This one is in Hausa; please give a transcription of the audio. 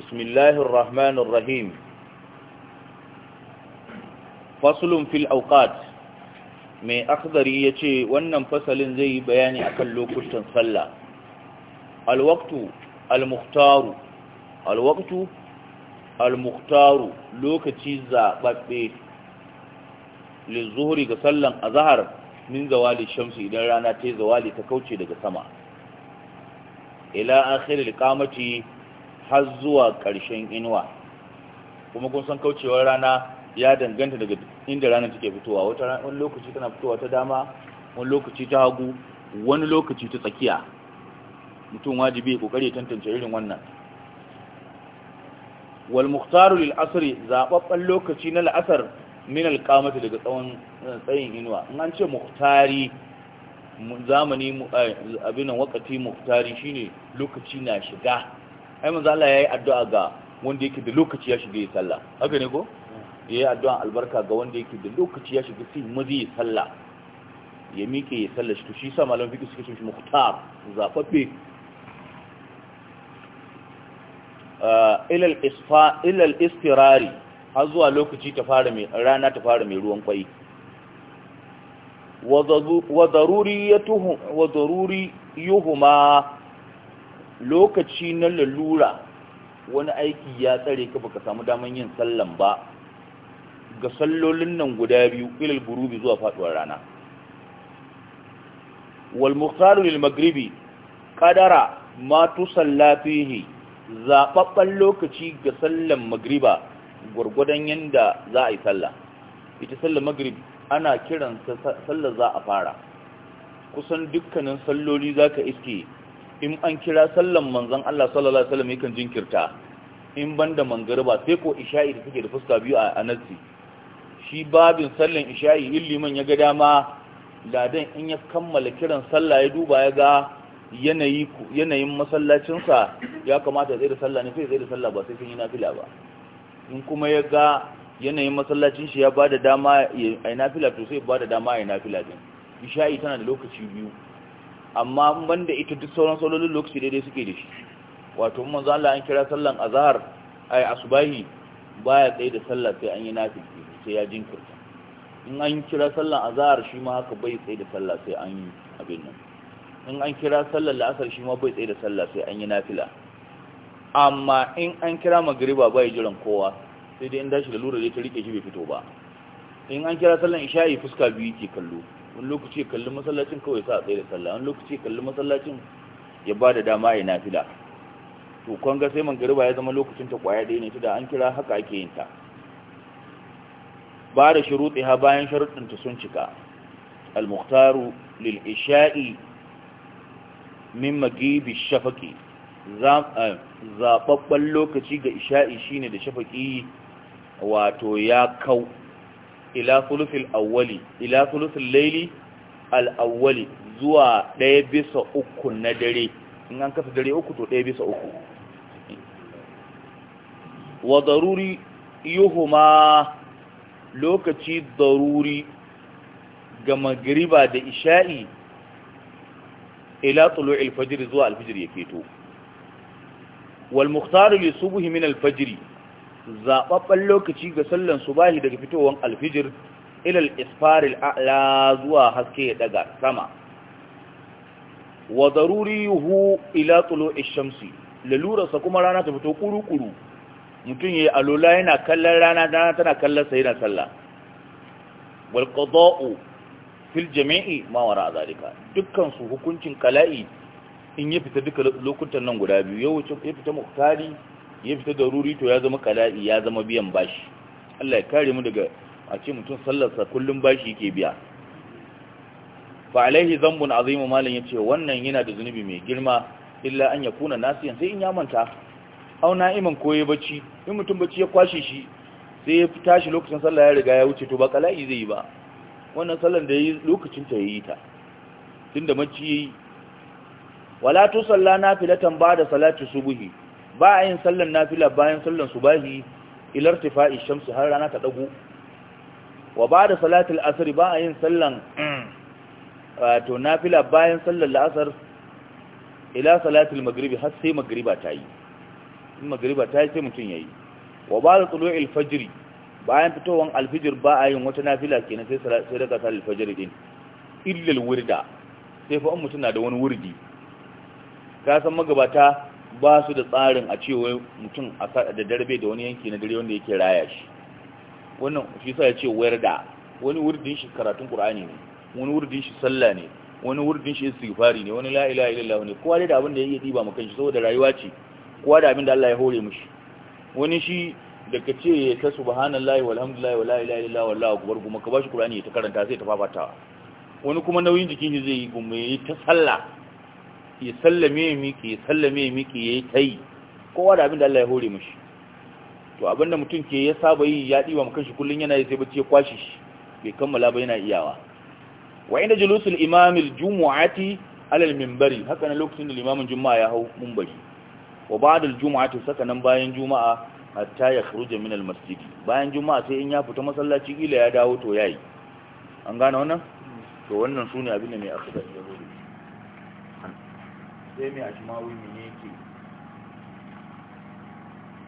بسم الله الرحمن الرحيم فصل في الأوقات mai akhdari ya ce wannan fasalin zai yi bayani kan lokutan sallah alwaktu almuhtaru alwaktu almuhtaru lokaci zaɓaɓɓe lizuhuri ga sallar azahar min zawali shamsu idan rana ta yi zawali ta kauce daga sama ila akhiril qamati har zuwa ƙarshen inuwa kuma kun san kaucewar rana ya danganta daga inda rana take fitowa wani lokaci tana fitowa ta dama wani lokaci ta hagu wani lokaci ta tsakiya mutum wajibi ya kokari tantance irin wannan wal muhtaru lil asri zababban lokaci na la'asar min al daga tsawon eh, tsayin inuwa in an ce muhtari zamani eh, abin nan wakati muhtari shine lokaci na shiga ai manzo Allah yayi addu'a ga wanda yake da lokaci ya shiga sallah haka ne ko yayi addu'a albarka ga wanda yake da lokaci ya shiga sai mazi sallah ya miƙe ya sallah shi to shi sa Malam fiqh suka shi shi muhtar ila eh, ilal isfa al istirari har zuwa lokaci ta fara mai rana ta fara mai ruwan kwai wa yuhuma lokaci na lalura wani aiki ya tsare ka baka samu daman yin sallan ba ga sallolin nan guda biyu ilal gurubi zuwa faduwar rana wal mukhtaru kadara maghribi qadara ma lokaci ga sallan magriba gwargwadon yanda za a yi sallah ita sallan ana kiransa sallar za a fara kusan dukkanin salloli za ka iske in an kira sallan manzan Allah sallallahu Alaihi wasallam yakan jinkirta in banda mangariba sai ko isha'i da suke da fuska biyu a anarci shi babin sallan isha'i in liman ya ga dama ladan in ya kammala kiran sallah ya duba ya ga yanayin masallacinsa ya kamata zai da sallah ne sai zai da sallah ba sai sun yi nafila ba in kuma ya ga yanayin masallacin shi ya ba da dama a yi nafila to sai ba da dama a yi nafila din isha'i tana da lokaci biyu amma banda ita duk sauran salolin lokaci daidai suke da shi wato mun zala an kira sallan azhar ai asubahi baya tsaye da sallah sai an yi nafila sai ya jinkirta in an kira sallan azhar shi ma haka bai tsaye da sallah sai an yi abin nan in an kira sallan la'asar shi ma bai tsaye da sallah sai an yi nafila amma in an kira magriba bai jiran kowa sai dai in dashi da lura da ta rike shi bai fito ba in an kira sallan isha'i fuska biyu ke kallo wani lokaci ya kalli masallacin kawai sa a tsaye da sallah wani lokaci ya kalli masallacin ya ba da dama ya nafila to kwanga sai man gariba ya zama lokacin ta kwaya ɗaya ne da an kira haka ake yin ta ba da shuruɗi ha bayan sharuɗin ta sun cika al-mukhtaru lil isha'i min magibi shafaqi zababban eh, lokaci ga isha'i shine da shafaki. wato ya kau ila sulusul awwali ila sulusul laili al zuwa ɗaya bisa uku na dare in an kasa dare uku to ɗaya bisa uku wa daruri yuhuma lokaci daruri ga magriba da isha'i ila tulu alfajir zuwa alfajir ya keto wal mukhtaru li subhi min fajiri. zaɓaɓɓen lokaci ga sallan subahi daga fitowar alfijir ilal isfaril a'la zuwa haske daga sama wa daruri hu, ila tsulo ishamsi lalurarsa kuma rana ta fito kurukuru kuru mutum ya yi alola yana kallon rana dana tana kallon sa yana sallah wal qada'u fil jami'i ma wara zalika dukkan su hukuncin kala'i in ya fita duka lokutan nan guda biyu ya wuce ya fita muktari ya fita da ruri to ya zama kala'i ya zama biyan bashi Allah ya kare mu daga a ce mutum sallarsa kullum bashi yake biya fa alaihi zambun azimu malam yace wannan yana da zunubi mai girma illa an yakuna nasiyan sai in ya manta au na'iman ko ya bacci in mutum bacci ya kwashe shi sai ya fita shi lokacin sallah ya riga ya wuce to ba kala'i zai yi ba wannan sallar da yayi lokacin ta yayi ta tunda macci yayi wala tusalla nafilatan ba'da salati subuhi ba a yin sallan nafila bayan sallan subahi ilar tifa'i shamsu har rana ta dago wa ba da salatul asr ba a yin sallan mm. to nafila bayan sallan la'asar ila salatul maghribi har sai maghriba ta yi in maghriba ta yi sai mutun yayi wa ba da tulu'il fajr bayan fitowar alfijir ba a yin wata nafila kenan sai sai daga salatul fajr din illal wirda sai fa in na da wani wurdi ka san magabata ba su da tsarin a cewa mutum da darbe da wani yanki na dare wanda yake raya shi wannan shi sa ya ce wayar da wani wurdin shi karatun qur'ani ne wani wurdin shi sallah ne wani wurdin shi istighfari ne wani la ilaha illallah ne kowa da abin da yake diba maka shi saboda rayuwa ce kowa da abin da Allah ya hore mishi wani shi daga ce ta subhanallahi walhamdulillahi wala ilaha illallah wallahu akbar kuma ka bashi qur'ani ya ta karanta sai ta fafatawa wani kuma nauyin jikin shi zai yi gumme ta sallah miki ya sallame miki ya sallame miki yayi tai kowa da abin da Allah ya hore mishi to abin da mutum ke ya saba yi ya diwa maka shi kullun yana yi sai bace ya kwashi shi bai kammala ba yana iyawa wa inda julusul imamil jumuati ala al-minbari haka nan lokacin da limamin juma'a ya hau minbari wa ba'da al-jumu'ati nan bayan juma'a hatta ya khruja min al-masjid bayan juma'a sai in ya fita masallaci kila ya dawo to yayi an gane wannan to wannan sune abin da mai akhbar sai me ashma'u ne yake